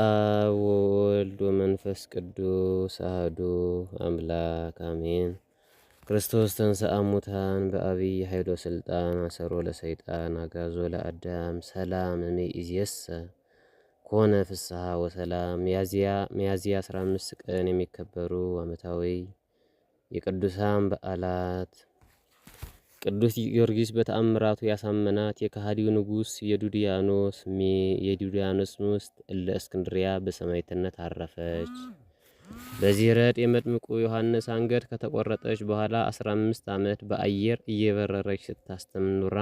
አብ ወወልድ ወመንፈስ ቅዱስ አህዱ አምላክ አሜን። ክርስቶስ ተንሥአ እሙታን በአብይ ኃይሎ ስልጣን አሰሮ ለሰይጣን አጋዞ ለአዳም ሰላም እምይእዜሰ ኮነ ፍስሐ ወሰላም። ሚያዝያ 15 ቀን የሚከበሩ ዓመታዊ የቅዱሳን በዓላት ቅዱስ ጊዮርጊስ በተአምራቱ ያሳመናት የከሃዲው ንጉስ የዱድያኖስ የዱድያኖስ ሚስት እለ እስክንድሪያ በሰማዕትነት አረፈች። በዚህ ረድ የመጥምቁ ዮሐንስ አንገት ከተቆረጠች በኋላ 15 ዓመት በአየር እየበረረች ስታስተምኑራ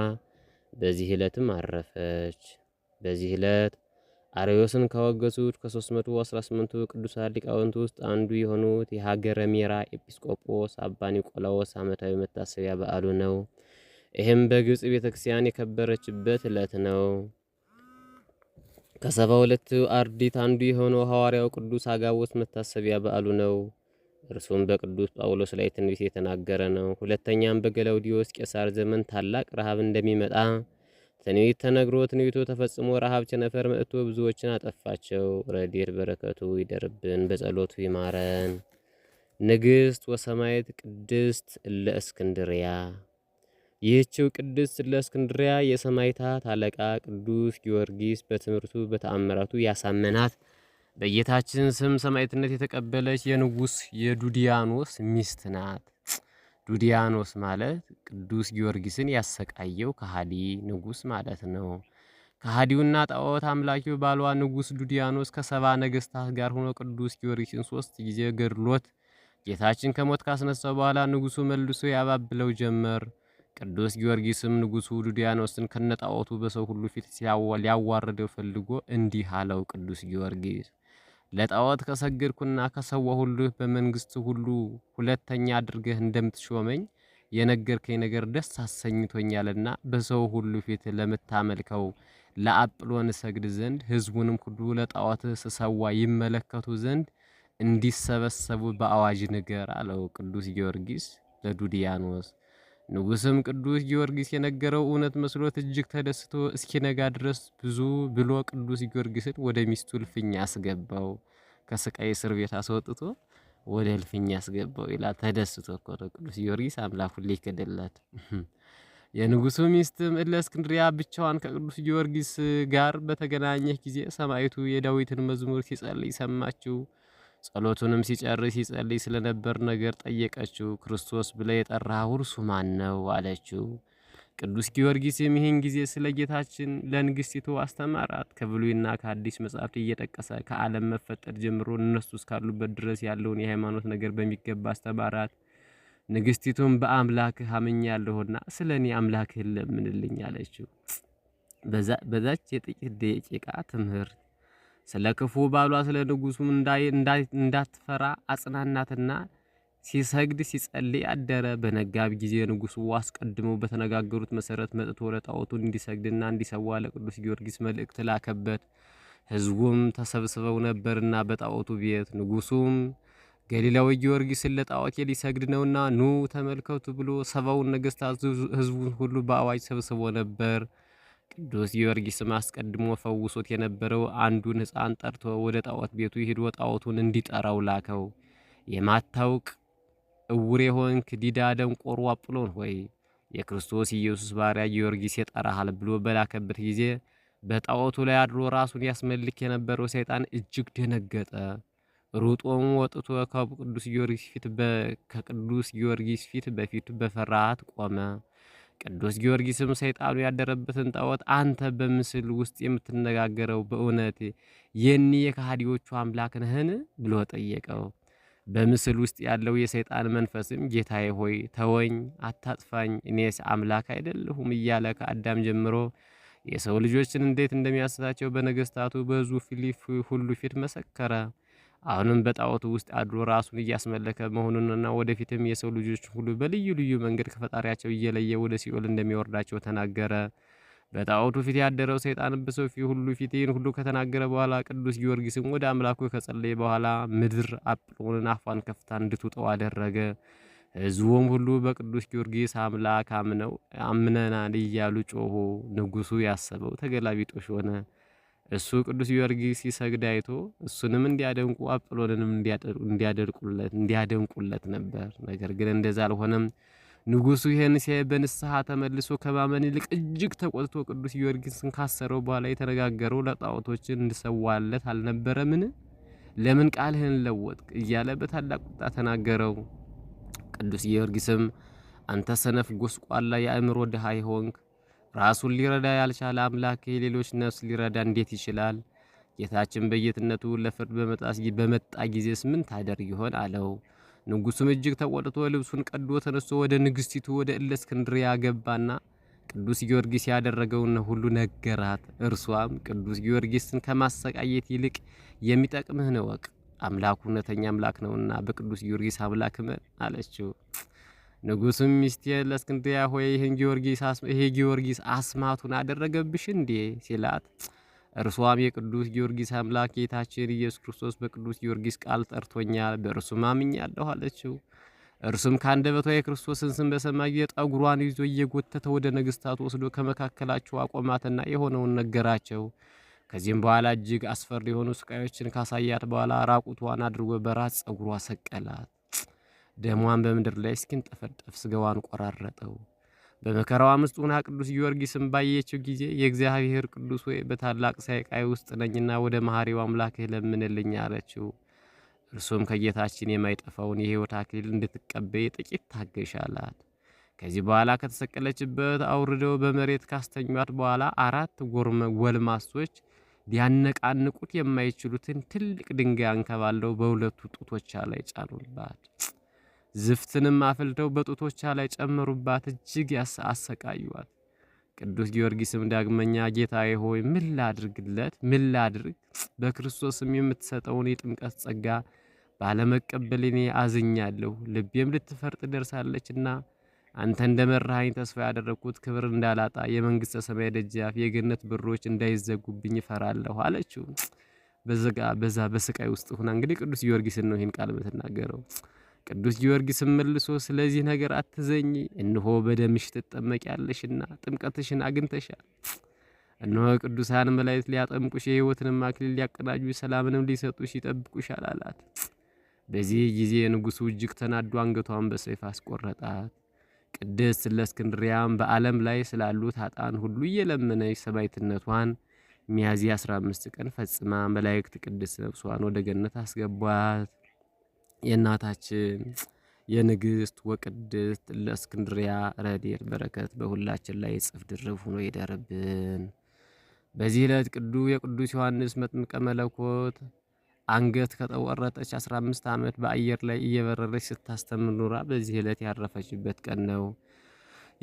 በዚህ ዕለትም አረፈች። በዚህ ዕለት አርዮስን ከወገዙት ከ318ቱ ቅዱሳን ሊቃውንት ውስጥ አንዱ የሆኑት የሀገረ ሜራ ኤጲስቆጶስ አባ ኒቆላዎስ ዓመታዊ መታሰቢያ በዓሉ ነው። ይህም በግብፅ ቤተ ክርስቲያን የከበረችበት ዕለት ነው። ከሰባ ሁለቱ አርዲት አንዱ የሆነው ሐዋርያው ቅዱስ አጋቦት መታሰቢያ በዓሉ ነው። እርሱም በቅዱስ ጳውሎስ ላይ ትንቢት የተናገረ ነው። ሁለተኛም በገላውዲዮስ ቄሳር ዘመን ታላቅ ረሃብ እንደሚመጣ ትንቢት ተነግሮ ትንቢቱ ተፈጽሞ ረሃብ ቸነፈር መጥቶ ብዙዎችን አጠፋቸው። ረድኤት በረከቱ ይደርብን፣ በጸሎቱ ይማረን። ንግሥት ወሰማየት ቅድስት እለ እስክንድርያ ይህችው ቅድስት ለእስክንድሪያ የሰማይታት አለቃ ቅዱስ ጊዮርጊስ በትምህርቱ በተአምራቱ ያሳመናት በጌታችን ስም ሰማይትነት የተቀበለች የንጉስ የዱዲያኖስ ሚስት ናት። ዱዲያኖስ ማለት ቅዱስ ጊዮርጊስን ያሰቃየው ከሃዲ ንጉስ ማለት ነው። ከሃዲውና ጣዖት አምላኪው ባሏ ንጉስ ዱዲያኖስ ከሰባ ነገስታት ጋር ሆኖ ቅዱስ ጊዮርጊስን ሶስት ጊዜ ገድሎት ጌታችን ከሞት ካስነሳው በኋላ ንጉሱ መልሶ ያባብለው ጀመር። ቅዱስ ጊዮርጊስም ንጉሱ ዱዲያኖስን ከነጣዖቱ በሰው ሁሉ ፊት ሊያዋርደው ፈልጎ እንዲህ አለው። ቅዱስ ጊዮርጊስ ለጣዖት ከሰገድኩና ሁሉ በመንግስት ሁሉ ሁለተኛ አድርገህ እንደምትሾመኝ የነገርከኝ ነገር ደስ አሰኝቶኛልና በሰው ሁሉ ፊት ለምታመልከው ለአጵሎን እሰግድ ዘንድ ህዝቡንም ሁሉ ለጣዖትህ ስሰዋ ይመለከቱ ዘንድ እንዲሰበሰቡ በአዋጅ ንገር አለው። ቅዱስ ጊዮርጊስ ለዱዲያኖስ። ንጉሥም ቅዱስ ጊዮርጊስ የነገረው እውነት መስሎት እጅግ ተደስቶ እስኪነጋ ድረስ ብዙ ብሎ ቅዱስ ጊዮርጊስን ወደ ሚስቱ እልፍኝ አስገባው። ከስቃይ እስር ቤት አስወጥቶ ወደ እልፍኝ አስገባው ይላል። ተደስቶ እኮ ነው ቅዱስ ጊዮርጊስ አምላክ ሁሌ የንጉሱ ሚስትም እለእስክንድርያ ብቻዋን ከቅዱስ ጊዮርጊስ ጋር በተገናኘህ ጊዜ ሰማይቱ የዳዊትን መዝሙር ሲጸልይ ሰማችው። ጸሎቱንም ሲጨርስ ይጸልይ ስለነበር ነገር ጠየቀችው። ክርስቶስ ብለ የጠራህ እርሱ ማን ነው አለችው። ቅዱስ ጊዮርጊስም ይህን ጊዜ ስለ ጌታችን ለንግሥቲቱ አስተማራት። ከብሉይና ከአዲስ መጽሐፍት እየጠቀሰ ከዓለም መፈጠር ጀምሮ እነሱ እስካሉበት ድረስ ያለውን የሃይማኖት ነገር በሚገባ አስተማራት። ንግሥቲቱም በአምላክህ አምኛለሁና ስለ እኔ አምላክህን ለምንልኝ አለችው። በዛች የጥቂት ደቂቃ ትምህርት ስለ ክፉ ባሏ ስለ ንጉሱም እንዳትፈራ አጽናናትና ሲሰግድ ሲጸልይ አደረ። በነጋብ ጊዜ ንጉሱ አስቀድመው በተነጋገሩት መሰረት መጥቶ ለጣዖቱ እንዲሰግድና እንዲሰዋ ለቅዱስ ጊዮርጊስ መልእክት ላከበት። ህዝቡም ተሰብስበው ነበርና በጣዖቱ ቤት ንጉሱም ገሊላዊ ጊዮርጊስን ለጣዖቴ ሊሰግድ ነውና ኑ ተመልከቱ ብሎ ሰባውን ነገስታት ህዝቡን ሁሉ በአዋጅ ሰብስቦ ነበር። ቅዱስ ጊዮርጊስም አስቀድሞ ፈውሶት የነበረው አንዱን ሕፃን ጠርቶ ወደ ጣዖት ቤቱ ሂዶ ጣዖቱን እንዲጠራው ላከው። የማታውቅ እውር የሆንክ ዲዳ ደንቆሮ አጵሎን ሆይ የክርስቶስ ኢየሱስ ባሪያ ጊዮርጊስ ይጠራሃል ብሎ በላከበት ጊዜ በጣዖቱ ላይ አድሮ ራሱን ያስመልክ የነበረው ሰይጣን እጅግ ደነገጠ። ሩጦም ወጥቶ ከቅዱስ ጊዮርጊስ ፊት በከቅዱስ ጊዮርጊስ ፊት በፊቱ በፍርሃት ቆመ። ቅዱስ ጊዮርጊስም ሰይጣኑ ያደረበትን ጣዖት አንተ በምስል ውስጥ የምትነጋገረው በእውነት የኒ የከሃዲዎቹ አምላክ ነህን? ብሎ ጠየቀው። በምስል ውስጥ ያለው የሰይጣን መንፈስም ጌታዬ ሆይ ተወኝ፣ አታጥፋኝ፣ እኔስ አምላክ አይደለሁም እያለ ከአዳም ጀምሮ የሰው ልጆችን እንዴት እንደሚያስታቸው በነገስታቱ በዙ ፊሊፍ ሁሉ ፊት መሰከረ። አሁንም በጣዖቱ ውስጥ አድሮ ራሱን እያስመለከ መሆኑንና ወደፊትም የሰው ልጆች ሁሉ በልዩ ልዩ መንገድ ከፈጣሪያቸው እየለየ ወደ ሲኦል እንደሚወርዳቸው ተናገረ። በጣዖቱ ፊት ያደረው ሰይጣን በሰው ሁሉ ፊት ይህን ሁሉ ከተናገረ በኋላ ቅዱስ ጊዮርጊስም ወደ አምላኩ ከጸለየ በኋላ ምድር አጵሎንን አፏን ከፍታ እንድትውጠው አደረገ። ሕዝቡም ሁሉ በቅዱስ ጊዮርጊስ አምላክ አምነው አምነናል እያሉ ጮሆ ንጉሱ ያሰበው ተገላቢጦሽ ሆነ። እሱ ቅዱስ ጊዮርጊስ ሲሰግድ አይቶ እሱንም እንዲያደንቁ አጵሎንንም እንዲያደርቁለት እንዲያደንቁለት ነበር። ነገር ግን እንደዛ አልሆነም። ንጉሱ ይህን ሲያይ በንስሐ ተመልሶ ከማመን ይልቅ እጅግ ተቆጥቶ ቅዱስ ጊዮርጊስን ካሰረው በኋላ የተነጋገረው ለጣዖቶችን እንድሰዋለት አልነበረምን? ለምን ቃልህን ለወጥክ? እያለ በታላቅ ቁጣ ተናገረው። ቅዱስ ጊዮርጊስም አንተ ሰነፍ ጎስቋላ፣ የአእምሮ ድሃ ይሆንክ ራሱን ሊረዳ ያልቻለ አምላክ የሌሎች ነፍስ ሊረዳ እንዴት ይችላል? ጌታችን በጌትነቱ ለፍርድ በመጣ ጊዜስ ምን ታደርግ ይሆን አለው። ንጉሱም እጅግ ተቆጥቶ ልብሱን ቀዶ ተነስቶ ወደ ንግስቲቱ ወደ እለእስክንድርያ ገባና ቅዱስ ጊዮርጊስ ያደረገውን ሁሉ ነገራት። እርሷም ቅዱስ ጊዮርጊስን ከማሰቃየት ይልቅ የሚጠቅምህን እወቅ፣ አምላኩ እውነተኛ አምላክ ነውና በቅዱስ ጊዮርጊስ አምላክ እመን አለችው። ንጉስም ሚስቴ ለእስክንድርያ ሆይ ይሄ ጊዮርጊስ አስማቱን አደረገብሽ እንዴ ሲላት፣ እርሷም የቅዱስ ጊዮርጊስ አምላክ ጌታችን ኢየሱስ ክርስቶስ በቅዱስ ጊዮርጊስ ቃል ጠርቶኛል፣ በእርሱም አምኛለሁ አለችው። እርሱም ከአንደበቷ የክርስቶስን ስም በሰማ ጊዜ ጠጉሯን ይዞ እየጎተተ ወደ ነገስታት ወስዶ ከመካከላቸው አቆማትና የሆነውን ነገራቸው። ከዚህም በኋላ እጅግ አስፈሪ የሆኑ ስቃዮችን ካሳያት በኋላ ራቁቷን አድርጎ በራስ ጸጉሯ ሰቀላት። ደሟን በምድር ላይ እስኪንጠፈጠፍ ስጋዋን ቆራረጠው። በመከራዋም ውስጥ ሆና ቅዱስ ጊዮርጊስን ባየችው ጊዜ የእግዚአብሔር ቅዱስ ወይ በታላቅ ሳይቃይ ውስጥ ነኝና ወደ መሐሪው አምላክህ ለምንልኝ አለችው። እርሱም ከጌታችን የማይጠፋውን የሕይወት አክሊል እንድትቀበይ ጥቂት ታገሽ አላት። ከዚህ በኋላ ከተሰቀለችበት አውርደው በመሬት ካስተኟት በኋላ አራት ጎርመ ጎልማሶች ሊያነቃንቁት የማይችሉትን ትልቅ ድንጋይ አንከባለው በሁለቱ ጡቶቿ ላይ ጫኑባት። ዝፍትንም አፍልተው በጡቶቿ ላይ ጨመሩባት፣ እጅግ አሰቃዩዋት። ቅዱስ ጊዮርጊስም ዳግመኛ ጌታዬ ሆይ ምን ላድርግለት? ምን ላድርግ? በክርስቶስም የምትሰጠውን የጥምቀት ጸጋ ባለመቀበል እኔ አዝኛለሁ፣ ልቤም ልትፈርጥ ደርሳለችና አንተ እንደ መራሃኝ ተስፋ ያደረግኩት ክብር እንዳላጣ የመንግሥተ ሰማይ ደጃፍ የገነት በሮች እንዳይዘጉብኝ እፈራለሁ አለችው። በዛ በስቃይ ውስጥ ሁና እንግዲህ ቅዱስ ጊዮርጊስን ነው ይህን ቃል የምትናገረው። ቅዱስ ጊዮርጊስም መልሶ ስለዚህ ነገር አትዘኝ፣ እንሆ በደምሽ ትጠመቂያለሽና ጥምቀትሽን አግኝተሻል። እነሆ ቅዱሳን መላእክት ሊያጠምቁሽ፣ የሕይወትንም አክሊል ሊያቀዳጁ፣ ሰላምንም ሊሰጡሽ ይጠብቁሻል አላት። በዚህ ጊዜ ንጉሡ እጅግ ተናዶ አንገቷን በሰይፍ አስቆረጣት። ቅድስት እለእስክንድርያም በዓለም ላይ ስላሉት አጣን ሁሉ እየለመነች ሰማዕትነቷን ሚያዝያ 15 ቀን ፈጽማ መላእክት ቅድስት ነፍሷን ወደ ገነት አስገቧት። የእናታችን የንግሥት ወቅድስት ለእስክንድሪያ ረድኤት በረከት በሁላችን ላይ ጽፍ ድርብ ሆኖ ይደርብን። በዚህ ዕለት ቅዱ የቅዱስ ዮሐንስ መጥምቀ መለኮት አንገት ከተቆረጠች 15 ዓመት በአየር ላይ እየበረረች ስታስተምር ኑራ በዚህ ዕለት ያረፈችበት ቀን ነው።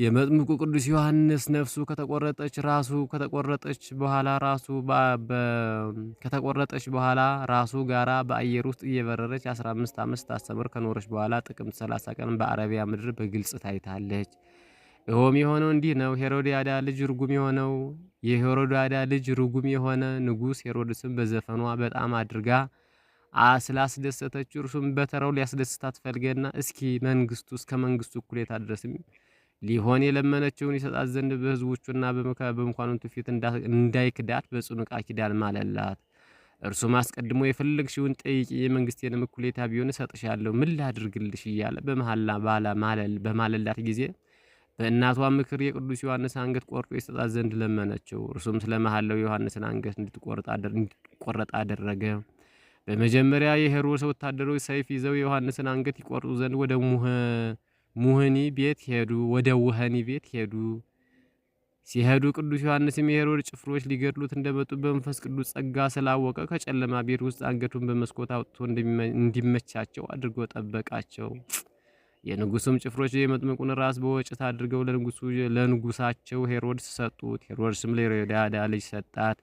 የመጥምቁ ቅዱስ ዮሐንስ ነፍሱ ከተቆረጠች ራሱ ከተቆረጠች በኋላ ራሱ ከተቆረጠች በኋላ ራሱ ጋራ በአየር ውስጥ እየበረረች 15 ዓመት ስታስተምር ከኖረች በኋላ ጥቅምት 30 ቀን በአረቢያ ምድር በግልጽ ታይታለች። ይኸውም የሆነው እንዲህ ነው። ሄሮድያዳ ልጅ ርጉም የሆነው የሄሮድያዳ ልጅ ርጉም የሆነ ንጉሥ ሄሮድስም በዘፈኗ በጣም አድርጋ ስላስደሰተች እርሱም በተራው ሊያስደስታት ፈልገና እስኪ መንግስቱ እስከ መንግስቱ እኩሌታ ድረስም ሊሆን የለመነችውን ይሰጣት ዘንድ በሕዝቦቹና በመኳንንቱ ፊት እንዳይክዳት በጽኑ ቃል ኪዳን ማለላት። እርሱም አስቀድሞ የፈለግሽውን ጠይቂ፣ የመንግሥቴንም እኩሌታ ቢሆን እሰጥሻለሁ፣ ምን ላድርግልሽ እያለ በመሐላ በማለላት ጊዜ በእናቷ ምክር የቅዱስ ዮሐንስ አንገት ቆርጦ ይሰጣት ዘንድ ለመነችው። እርሱም ስለ መሐላው የዮሐንስን አንገት እንድትቆረጥ አደረገ። በመጀመሪያ የሄሮድስ ወታደሮች ሰይፍ ይዘው የዮሐንስን አንገት ይቆርጡ ዘንድ ወደ ሙህ ሙህኒ ቤት ሄዱ፣ ወደ ውህኒ ቤት ሄዱ። ሲሄዱ ቅዱስ ዮሐንስ የሄሮድ ጭፍሮች ሊገድሉት እንደመጡ በመንፈስ ቅዱስ ጸጋ ስላወቀ ከጨለማ ቤት ውስጥ አንገቱን በመስኮት አውጥቶ እንዲመቻቸው አድርጎ ጠበቃቸው። የንጉሱም ጭፍሮች የመጥምቁን ራስ በወጭት አድርገው ለንጉሳቸው ሄሮድስ ሰጡት። ሄሮድስም ለሄሮዳዳ ልጅ ሰጣት።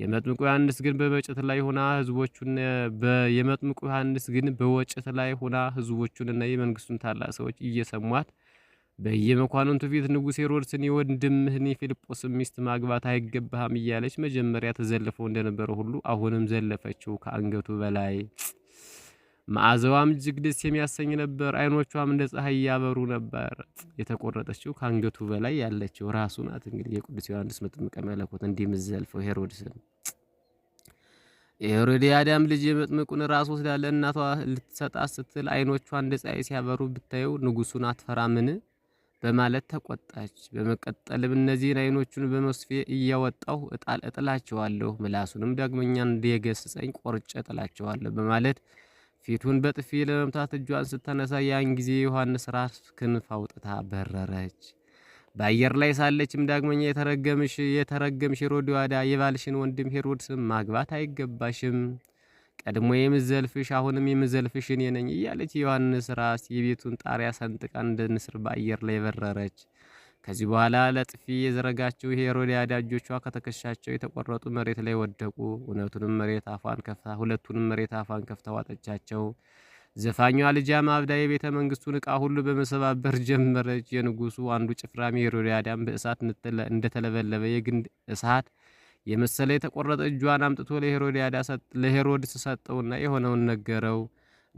የመጥምቁ ዮሐንስ ግን በመጨት ላይ ሆና ህዝቦቹን የመጥምቁ ዮሐንስ ግን በወጭት ላይ ሆና ህዝቦቹንና የመንግስቱን ታላቅ ሰዎች እየሰሟት በየመኳንንቱ ፊት ንጉሥ ሄሮድስን የወንድምህን የፊልጶስን ሚስት ማግባት አይገባህም እያለች መጀመሪያ ተዘልፈው እንደነበረ ሁሉ አሁንም ዘለፈችው ከአንገቱ በላይ። መዓዛዋም እጅግ ደስ የሚያሰኝ ነበር። አይኖቿም እንደ ፀሐይ ያበሩ ነበር። የተቆረጠችው ከአንገቱ በላይ ያለችው ራሱ ናት። እንግዲህ የቅዱስ ዮሐንስ መጥምቀ መለኮት እንዲምዘልፈው ሄሮድስን የሄሮድያዳም ልጅ የመጥምቁን ራሱ ስላለ እናቷ ልትሰጣት ስትል አይኖቿ እንደ ፀሐይ ሲያበሩ ብታየው ንጉሱን አትፈራምን በማለት ተቆጣች። በመቀጠልም እነዚህን አይኖቹን በመስፌ እያወጣሁ እጣል እጥላቸዋለሁ፣ ምላሱንም ዳግመኛ እንዲገስጸኝ ቆርጬ እጥላቸዋለሁ በማለት ፊቱን በጥፊ ለመምታት እጇን ስተነሳ ያን ጊዜ ዮሐንስ ራስ ክንፍ አውጥታ በረረች። በአየር ላይ ሳለችም ዳግመኛ የተረገምሽ የተረገምሽ ሄሮድያዳ የባልሽን ወንድም ሄሮድስም ማግባት አይገባሽም ቀድሞ የምዘልፍሽ አሁንም የምዘልፍሽ እኔ ነኝ እያለች ዮሐንስ ራስ የቤቱን ጣሪያ ሰንጥቃ እንደ ንስር በአየር ላይ በረረች። ከዚህ በኋላ ለጥፊ የዘረጋቸው ሄሮድያዳ እጆቿ ከትከሻቸው የተቆረጡ መሬት ላይ ወደቁ። እውነቱንም መሬት አፏን ከፍታ ሁለቱንም መሬት አፏን ከፍታ ዋጠቻቸው። ዘፋኟ ልጃም አብዳ የቤተ መንግስቱን እቃ ሁሉ በመሰባበር ጀመረች። የንጉሱ አንዱ ጭፍራሚ ሄሮድያዳም በእሳት እንደተለበለበ የግንድ እሳት የመሰለ የተቆረጠ እጇን አምጥቶ ለሄሮድያዳ ለሄሮድስ ሰጠውና የሆነውን ነገረው።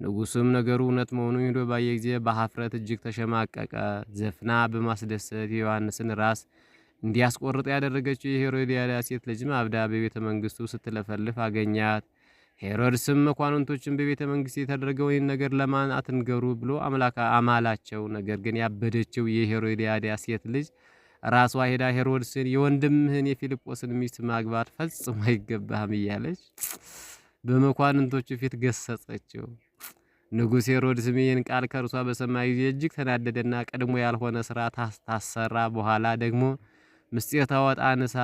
ንጉሱም ነገሩ እውነት መሆኑን ሂዶ ባየ ጊዜ በሀፍረት እጅግ ተሸማቀቀ። ዘፍና በማስደሰት የዮሐንስን ራስ እንዲያስቆርጥ ያደረገችው የሄሮድያዳ ሴት ልጅም አብዳ በቤተ መንግስቱ ስትለፈልፍ አገኛት። ሄሮድስም መኳንንቶችን በቤተ መንግስት የተደረገውን ይህን ነገር ለማን አትንገሩ ብሎ አምላካ አማላቸው። ነገር ግን ያበደችው የሄሮድያዳ ሴት ልጅ ራሷ ሄዳ ሄሮድስን የወንድምህን የፊልጶስን ሚስት ማግባት ፈጽሞ አይገባህም እያለች በመኳንንቶቹ ፊት ገሰጸችው። ንጉሥ ሄሮድስ ይህን ቃል ከእርሷ በሰማ ጊዜ እጅግ ተናደደና ቀድሞ ያልሆነ ስራ ታሰራ በኋላ ደግሞ ምስጢር ታወጣ ንሳ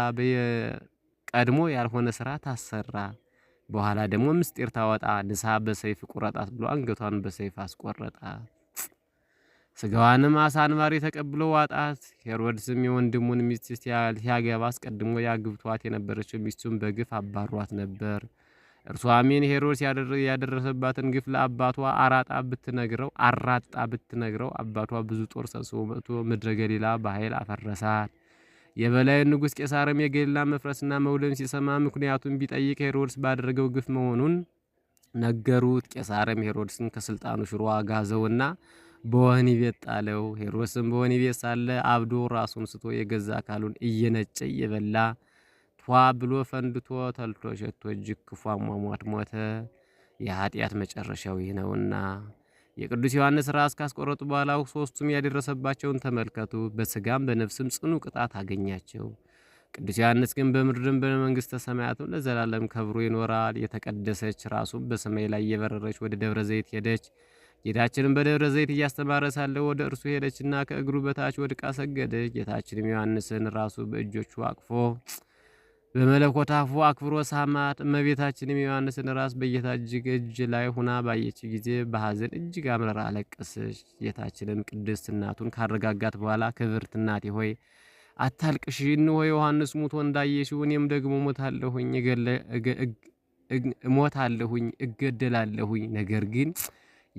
ቀድሞ ያልሆነ ስራ ታሰራ በኋላ ደግሞ ምስጢር ታወጣ ንሳ በሰይፍ ቁረጣት ብሎ አንገቷን በሰይፍ አስቆረጣት። ስጋዋንም አሳ አንባሪ ተቀብሎ ዋጣት። ሄሮድስም የወንድሙን ሚስት ሲያገባ አስቀድሞ ያግብቷት የነበረችው ሚስቱን በግፍ አባሯት ነበር። ሚን ሄሮድስ ያደረሰባትን ግፍ ለአባቷ አራጣ ብትነግረው አራጣ ብትነግረው አባቷ ብዙ ጦር ሰብስቦ መጥቶ ምድረ ገሊላ በኃይል አፈረሳት። የበላይ ንጉሥ ቄሳርም የገሊላ መፍረስና መውደም ሲሰማ ምክንያቱም ቢጠይቅ ሄሮድስ ባደረገው ግፍ መሆኑን ነገሩት። ቄሳርም ሄሮድስን ከስልጣኑ ሽሮ አጋዘውና በወህኒ ቤት ጣለው። ሄሮድስም በወህኒ ቤት ሳለ አብዶ ራሱን ስቶ የገዛ አካሉን እየነጨ እየበላ ፏ ብሎ ፈንድቶ ተልቶ ሸቶ እጅግ ክፉ አሟሟት ሞተ። የኃጢአት መጨረሻው ይህ ነውና የቅዱስ ዮሐንስ ራስ ካስቆረጡ በኋላ ሦስቱም ያደረሰባቸውን ተመልከቱ። በስጋም በነፍስም ጽኑ ቅጣት አገኛቸው። ቅዱስ ዮሐንስ ግን በምድርም በመንግሥተ ሰማያትም ለዘላለም ከብሮ ይኖራል። የተቀደሰች ራሱም በሰማይ ላይ እየበረረች ወደ ደብረ ዘይት ሄደች። ጌታችንም በደብረ ዘይት እያስተማረ ሳለ ወደ እርሱ ሄደችና ከእግሩ በታች ወድቃ ሰገደች። ጌታችንም ዮሐንስን ራሱ በእጆቹ አቅፎ በመለኮት አፉ አክብሮ ሳማት። እመቤታችንም የዮሐንስን ራስ በጌታ እጅ ላይ ሁና ባየች ጊዜ በሐዘን እጅግ አምረራ አለቀሰች። ጌታችንም ቅድስት እናቱን ካረጋጋት በኋላ ክብርት እናቴ ሆይ አታልቅሽ፣ እነሆ ዮሐንስ ሙቶ እንዳየሽው እኔም ደግሞ ሞታለሁኝ እሞታለሁኝ እገደላለሁኝ። ነገር ግን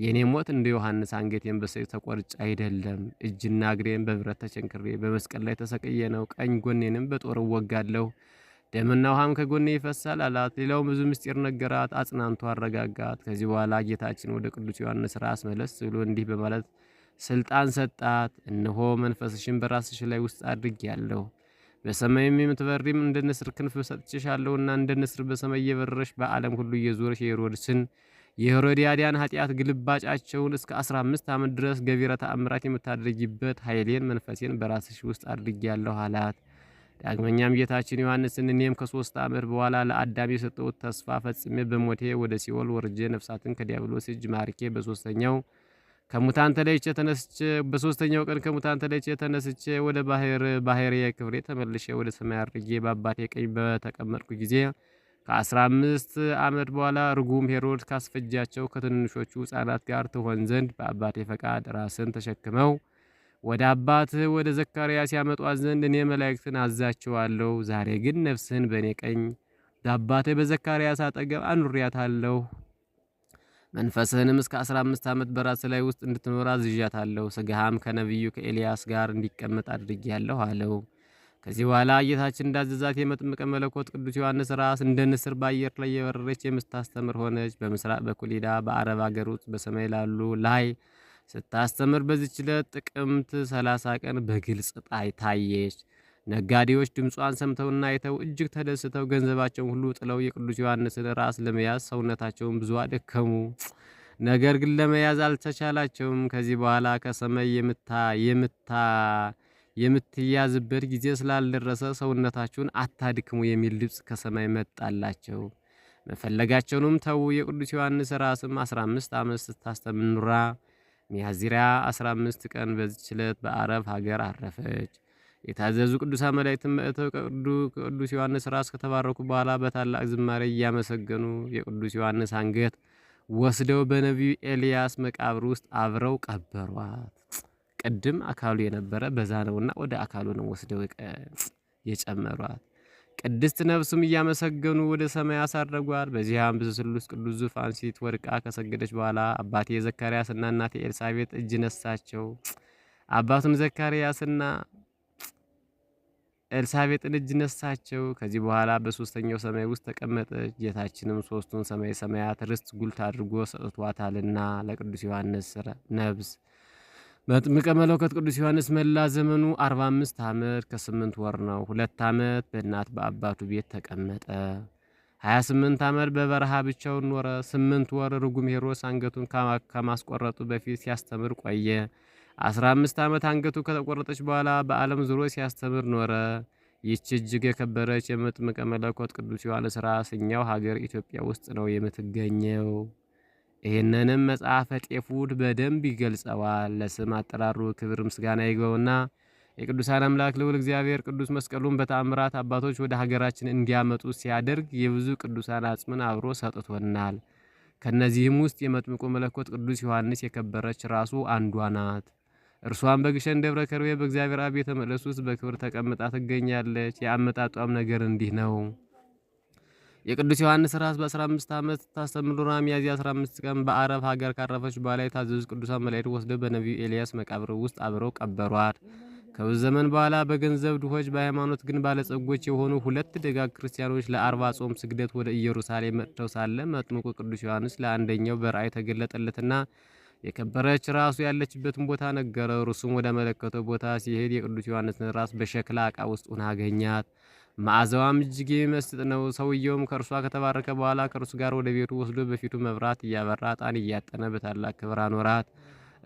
የእኔ ሞት እንደ ዮሐንስ አንገቴን በሰይፍ ተቆርጭ አይደለም፣ እጅና እግሬን በብረት ተቸንክሬ በመስቀል ላይ ተሰቅዬ ነው። ቀኝ ጎኔንም በጦር እወጋለሁ ደምና ውሃም ከጎኔ ይፈሳል አላት። ሌላው ብዙ ምስጢር ነገራት፣ አጽናንቶ አረጋጋት። ከዚህ በኋላ ጌታችን ወደ ቅዱስ ዮሐንስ ራስ መለስ ብሎ እንዲህ በማለት ስልጣን ሰጣት። እነሆ መንፈስሽን በራስሽ ላይ ውስጥ አድርግ ያለሁ በሰማይ የምትበሪም እንደ ንስር ክንፍ ሰጥቼሻለሁና እንደ ንስር በሰማይ እየበረረሽ በዓለም ሁሉ እየዞረሽ የሄሮድስን የሄሮዲያዳን ኃጢአት ግልባጫቸውን እስከ 15 ዓመት ድረስ ገቢረ ተአምራት የምታደርጊበት ኃይሌን መንፈሴን በራስሽ ውስጥ ያለሁ አላት። ዳግመኛም ጌታችን ዮሐንስን እኔም ከሶስት ዓመት በኋላ ለአዳም የሰጠሁት ተስፋ ፈጽሜ በሞቴ ወደ ሲኦል ወርጄ ነፍሳትን ከዲያብሎስ እጅ ማርኬ በሶስተኛው ከሙታን ተለይቼ ተነስቼ በሶስተኛው ቀን ከሙታን ተለይቼ ተነስቼ ወደ ባህር ባህር የክብሬ ተመልሼ ወደ ሰማይ አድርጌ በአባቴ ቀኝ በተቀመጥኩ ጊዜ ከ15 ዓመት በኋላ ርጉም ሄሮድስ ካስፈጃቸው ከትንንሾቹ ሕፃናት ጋር ትሆን ዘንድ በአባቴ ፈቃድ ራስን ተሸክመው ወደ አባትህ ወደ ዘካርያስ ያመጧት ዘንድ እኔ መላእክትን አዛቸዋለሁ። ዛሬ ግን ነፍስህን በእኔ ቀኝ በአባትህ በዘካርያስ አጠገብ አኑሪያታለሁ። መንፈስህንም እስከ 15 ዓመት በራስ ላይ ውስጥ እንድትኖር አዝዣታለሁ። ስጋሃም ከነቢዩ ከኤልያስ ጋር እንዲቀመጥ አድርጌያለሁ አለው። ከዚህ በኋላ ጌታችን እንዳዘዛት የመጥምቀ መለኮት ቅዱስ ዮሐንስ ራስ እንደ ንስር በአየር ላይ የበረረች የምታስተምር ሆነች። በምስራቅ በኩል ሄዳ በአረብ አገር ውስጥ በሰማይ ላሉ ላይ ስታስተምር በዚች ዕለት ጥቅምት 30 ቀን በግልጽ ታየች። ነጋዴዎች ድምጿን ሰምተውና አይተው እጅግ ተደስተው ገንዘባቸውን ሁሉ ጥለው የቅዱስ ዮሐንስን ራስ ለመያዝ ሰውነታቸውን ብዙ አደከሙ። ነገር ግን ለመያዝ አልተቻላቸውም። ከዚህ በኋላ ከሰማይ የምታ የምታ የምትያዝበት ጊዜ ስላልደረሰ ሰውነታችሁን አታድክሙ የሚል ድምፅ ከሰማይ መጣላቸው። መፈለጋቸውንም ተዉ። የቅዱስ ዮሐንስ ራስም 15 ዓመት ስታስተምራ ሚያዝያ 15 ቀን በዚች ዕለት በአረብ ሀገር አረፈች። የታዘዙ ቅዱሳን መላእክትም መጥተው ከቅዱስ ዮሐንስ ራስ ከተባረኩ በኋላ በታላቅ ዝማሬ እያመሰገኑ የቅዱስ ዮሐንስ አንገት ወስደው በነቢዩ ኤልያስ መቃብር ውስጥ አብረው ቀበሯት። ቅድም አካሉ የነበረ በዛ ነውና ወደ አካሉ ነው ወስደው የጨመሯት። ቅድስት ነፍሱም እያመሰገኑ ወደ ሰማይ አሳረጓል። በዚያም በስሉስ ቅዱስ ዙፋን ሲት ወድቃ ከሰገደች በኋላ አባቴ ዘካርያስና እናቴ ኤልሳቤጥ እጅ ነሳቸው። አባቱም ዘካርያስና ኤልሳቤጥን እጅ ነሳቸው። ከዚህ በኋላ በሶስተኛው ሰማይ ውስጥ ተቀመጠች። ጌታችንም ሶስቱን ሰማይ ሰማያት ርስት ጉልት አድርጎ ሰጥቷታልና ለቅዱስ ዮሐንስ ነብስ መጥምቀ መለኮት ቅዱስ ዮሐንስ መላ ዘመኑ 45 ዓመት ከ8 ወር ነው። ሁለት ዓመት በእናት በአባቱ ቤት ተቀመጠ። 28 ዓመት በበረሃ ብቻውን ኖረ። 8 ወር ርጉም ሄሮስ አንገቱን ከማስቆረጡ በፊት ሲያስተምር ቆየ። 15 ዓመት አንገቱ ከተቆረጠች በኋላ በዓለም ዙሮ ሲያስተምር ኖረ። ይህች እጅግ የከበረች የመጥምቀ መለኮት ቅዱስ ዮሐንስ ራስ እኛው ሀገር ኢትዮጵያ ውስጥ ነው የምትገኘው። ይህንንም መጽሐፈ ጤፉድ በደንብ ይገልጸዋል። ለስም አጠራሩ ክብር ምስጋና ይገውና የቅዱሳን አምላክ ልዑል እግዚአብሔር ቅዱስ መስቀሉን በተአምራት አባቶች ወደ ሀገራችን እንዲያመጡ ሲያደርግ የብዙ ቅዱሳን አጽምን አብሮ ሰጥቶናል። ከእነዚህም ውስጥ የመጥምቁ መለኮት ቅዱስ ዮሐንስ የከበረች ራሱ አንዷ ናት። እርሷን በግሸን ደብረ ከርቤ በእግዚአብሔር አብ ቤተ መቅደስ ውስጥ በክብር ተቀምጣ ትገኛለች። የአመጣጧም ነገር እንዲህ ነው። የቅዱስ ዮሐንስ ራስ በ15 ዓመት ታስተምዱራ ሚያዝያ 15 ቀን በአረብ ሀገር ካረፈች በኋላ የታዘዙት ቅዱሳን መላእክት ወስደው በነቢዩ ኤልያስ መቃብር ውስጥ አብረው ቀበሯት። ከብዙ ዘመን በኋላ በገንዘብ ድሆች፣ በሃይማኖት ግን ባለጸጎች የሆኑ ሁለት ደጋግ ክርስቲያኖች ለአርባ ጾም ስግደት ወደ ኢየሩሳሌም መጥተው ሳለ መጥምቁ ቅዱስ ዮሐንስ ለአንደኛው በራእይ ተገለጠለትና የከበረች ራሱ ያለችበትን ቦታ ነገረ እርሱም ወደ መለከተው ቦታ ሲሄድ የቅዱስ ዮሐንስን ራስ በሸክላ ዕቃ ውስጥ ሆና አገኛት። መዓዛዋም እጅግ የሚመስጥ ነው። ሰውየውም ከእርሷ ከተባረከ በኋላ ከእርሱ ጋር ወደ ቤቱ ወስዶ በፊቱ መብራት እያበራ ዕጣን እያጠነ በታላቅ ክብር አኖራት።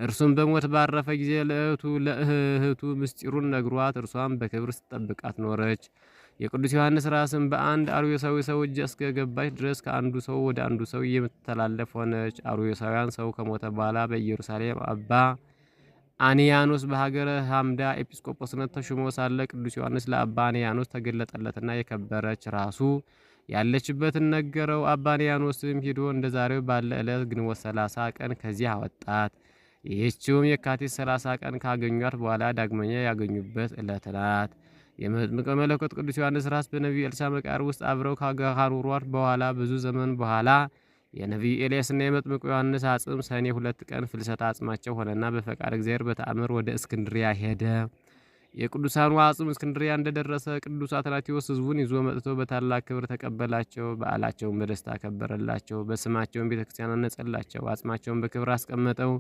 እርሱም በሞት ባረፈ ጊዜ ለእህቱ ለእህቱ ምስጢሩን ነግሯት እርሷም በክብር ስትጠብቃት ኖረች። የቅዱስ ዮሐንስ ራስም በአንድ አርዮሳዊ ሰው እጅ እስከገባች ድረስ ከአንዱ ሰው ወደ አንዱ ሰው የምትተላለፍ ሆነች። አርዮሳውያን ሰው ከሞተ በኋላ በኢየሩሳሌም አባ አንያኖስ በሀገረ ሐምዳ ኤጲስቆጶስነት ተሹሞ ሳለ ቅዱስ ዮሐንስ ለአባ አንያኖስ ተገለጠለትና የከበረች ራሱ ያለችበትን ነገረው። አባ አንያኖስም ሂዶ እንደ ዛሬው ባለ ዕለት ግንቦት 30 ቀን ከዚህ አወጣት። ይህችውም የካቲት 30 ቀን ካገኟት በኋላ ዳግመኛ ያገኙበት ዕለት ናት። የመጥምቀ መለኮት ቅዱስ ዮሐንስ ራስ በነቢዩ ኤልሳዕ መቃብር ውስጥ አብረው ካኖሯት በኋላ ብዙ ዘመን በኋላ የነቢዩ ኤልያስና የመጥምቁ ዮሐንስ አጽም ሰኔ ሁለት ቀን ፍልሰታ አጽማቸው ሆነና በፈቃድ እግዚአብሔር በተአምር ወደ እስክንድሪያ ሄደ። የቅዱሳኑ አጽም እስክንድሪያ እንደደረሰ ቅዱስ አትናቴዎስ ሕዝቡን ይዞ መጥቶ በታላቅ ክብር ተቀበላቸው። በዓላቸውን በደስታ አከበረላቸው። በስማቸውን ቤተ ክርስቲያን አነጸላቸው። አጽማቸውን በክብር አስቀመጠው።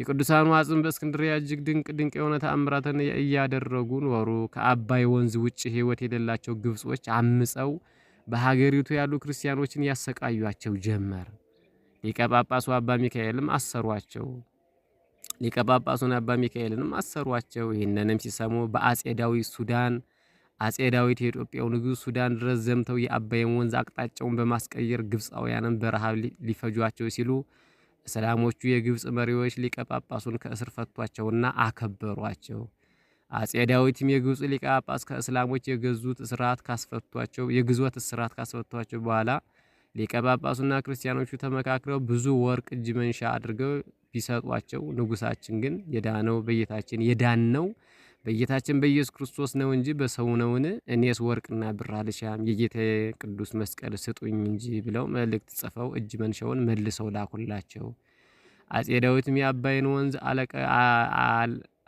የቅዱሳኑ አጽም በእስክንድሪያ እጅግ ድንቅ ድንቅ የሆነ ተአምራትን እያደረጉ ኖሩ። ከአባይ ወንዝ ውጭ ሕይወት የሌላቸው ግብጾች አምፀው በሀገሪቱ ያሉ ክርስቲያኖችን ያሰቃዩቸው ጀመር። ሊቀ ጳጳሱ አባ ሚካኤልም አሰሯቸው። ሊቀ ጳጳሱን አባ ሚካኤልንም አሰሯቸው። ይህንንም ሲሰሙ በአጼ ዳዊት ሱዳን አጼ ዳዊት የኢትዮጵያው ንጉሥ ሱዳን ድረስ ዘምተው የአባይን ወንዝ አቅጣጫውን በማስቀየር ግብፃውያንን በረሃብ ሊፈጇቸው ሲሉ እስላሞቹ የግብፅ መሪዎች ሊቀ ጳጳሱን ከእስር ፈቷቸውና አከበሯቸው። አጼ ዳዊትም የግብፅ ሊቀ ጳጳስ ከእስላሞች የገዙት ስርዓት ካስፈቷቸው የግዝወት ስርዓት ካስፈቷቸው በኋላ ሊቀ ጳጳሱና ክርስቲያኖቹ ተመካክረው ብዙ ወርቅ እጅ መንሻ አድርገው ቢሰጧቸው ንጉሳችን ግን የዳነው በጌታችን የዳነው በጌታችን በኢየሱስ ክርስቶስ ነው እንጂ በሰው ነውን? እኔስ ወርቅና ብር አልሻም የጌታ ቅዱስ መስቀል ስጡኝ እንጂ ብለው መልእክት ጽፈው እጅ መንሻውን መልሰው ላኩላቸው። አጼ ዳዊትም የአባይን ወንዝ አለቀ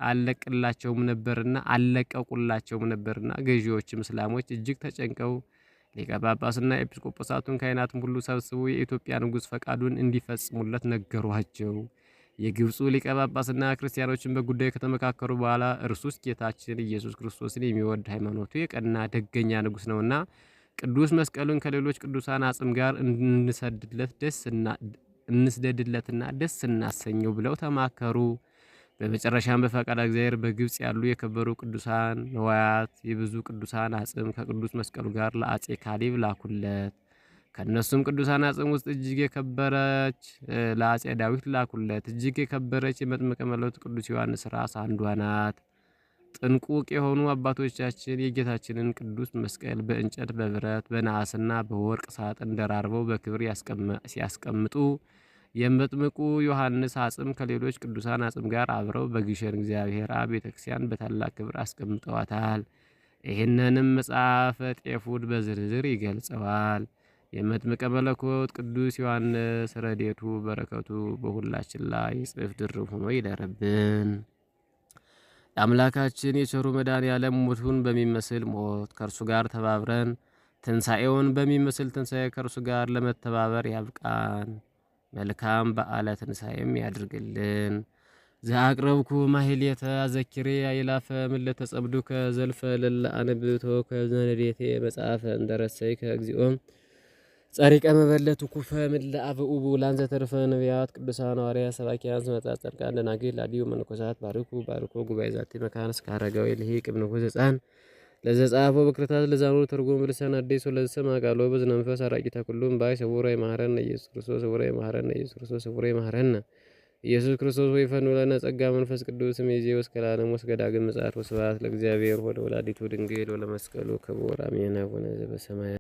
አለቅላቸውም ነበርና አለቀቁላቸውም ነበርና ገዢዎችም እስላሞች እጅግ ተጨንቀው ሊቀ ጳጳስና ኤጲስቆጶሳቱን ካይናትም ሁሉ ሰብስበው የኢትዮጵያ ንጉሥ ፈቃዱን እንዲፈጽሙለት ነገሯቸው። የግብፁ ሊቀ ጳጳስና ክርስቲያኖችን በጉዳዩ ከተመካከሩ በኋላ እርሱስ ጌታችን ኢየሱስ ክርስቶስን የሚወድ ሃይማኖቱ የቀና ደገኛ ንጉሥ ነውና ቅዱስ መስቀሉን ከሌሎች ቅዱሳን አጽም ጋር እንሰድድለት ደስ እንስደድለትና ደስ እናሰኘው ብለው ተማከሩ። በመጨረሻም በፈቃድ እግዚአብሔር በግብፅ ያሉ የከበሩ ቅዱሳን ነዋያት የብዙ ቅዱሳን አጽም ከቅዱስ መስቀሉ ጋር ለአፄ ካሊብ ላኩለት። ከእነሱም ቅዱሳን አጽም ውስጥ እጅግ የከበረች ለአፄ ዳዊት ላኩለት። እጅግ የከበረች የመጥምቀ መለኮት ቅዱስ ዮሐንስ ራስ አንዷ ናት። ጥንቁቅ የሆኑ አባቶቻችን የጌታችንን ቅዱስ መስቀል በእንጨት በብረት በነሐስና በወርቅ ሳጥን ደራርበው በክብር ሲያስቀምጡ የመጥምቁ ዮሐንስ አጽም ከሌሎች ቅዱሳን አጽም ጋር አብረው በግሸን እግዚአብሔር አብ ቤተክርስቲያን በታላቅ ክብር አስቀምጠዋታል። ይህንንም መጽሐፈ ጤፉድ በዝርዝር ይገልጸዋል። የመጥምቀ መለኮት ቅዱስ ዮሐንስ ረዴቱ በረከቱ በሁላችን ላይ ጽፍ ድርብ ሆኖ ይደርብን። የአምላካችን የቸሩ ያለም ሞቱን በሚመስል ሞት ከእርሱ ጋር ተባብረን ትንሣኤውን በሚመስል ትንሣኤ ከእርሱ ጋር ለመተባበር ያብቃን። መልካም በዓለ ትንሣኤም ያድርግልን። ዘአቅረብኩ ማህሌተ አዘኪሬ አይላፈ ምለተ ጸብዱከ ዘልፈ ለላ አንብቶ ከዘነዴቴ መጽሐፈ እንደረሰይ ከእግዚኦም ጸሪቀ መበለቱ ኩፈ ምለ አበኡቡ ላንዘ ተርፈ ነቢያት ቅዱሳን ሐዋርያት ሰባኪያን ስመጣ ጸድቃን ደናግል አብዩ መነኮሳት ባርኩ ባርኮ ጉባኤ ዛቲ መካነ እስከ አረጋዊ ልሂቅ እብነ ኩዝ ለዘጻፎ በክርታት ለዛኑ ተርጎም በልሳን አዲስ ለሰማ ቃሎ መንፈስ አራቂታ ሁሉም ባይ ሰውራይ ማህረነ ኢየሱስ ክርስቶስ ሰውራይ ማህረነ ኢየሱስ ክርስቶስ ሰውራይ ማህረነ ኢየሱስ ክርስቶስ ወይ ፈኑ ለነ ጸጋ መንፈስ ቅዱስ ይዜ እስከ ዓለም ወስከ ዳግም ምጽአት ወስብሐት ለእግዚአብሔር ወደ ወላዲቱ ድንግል ወለመስቀሉ ክቡር አሜን። አቡነ ዘበሰማያት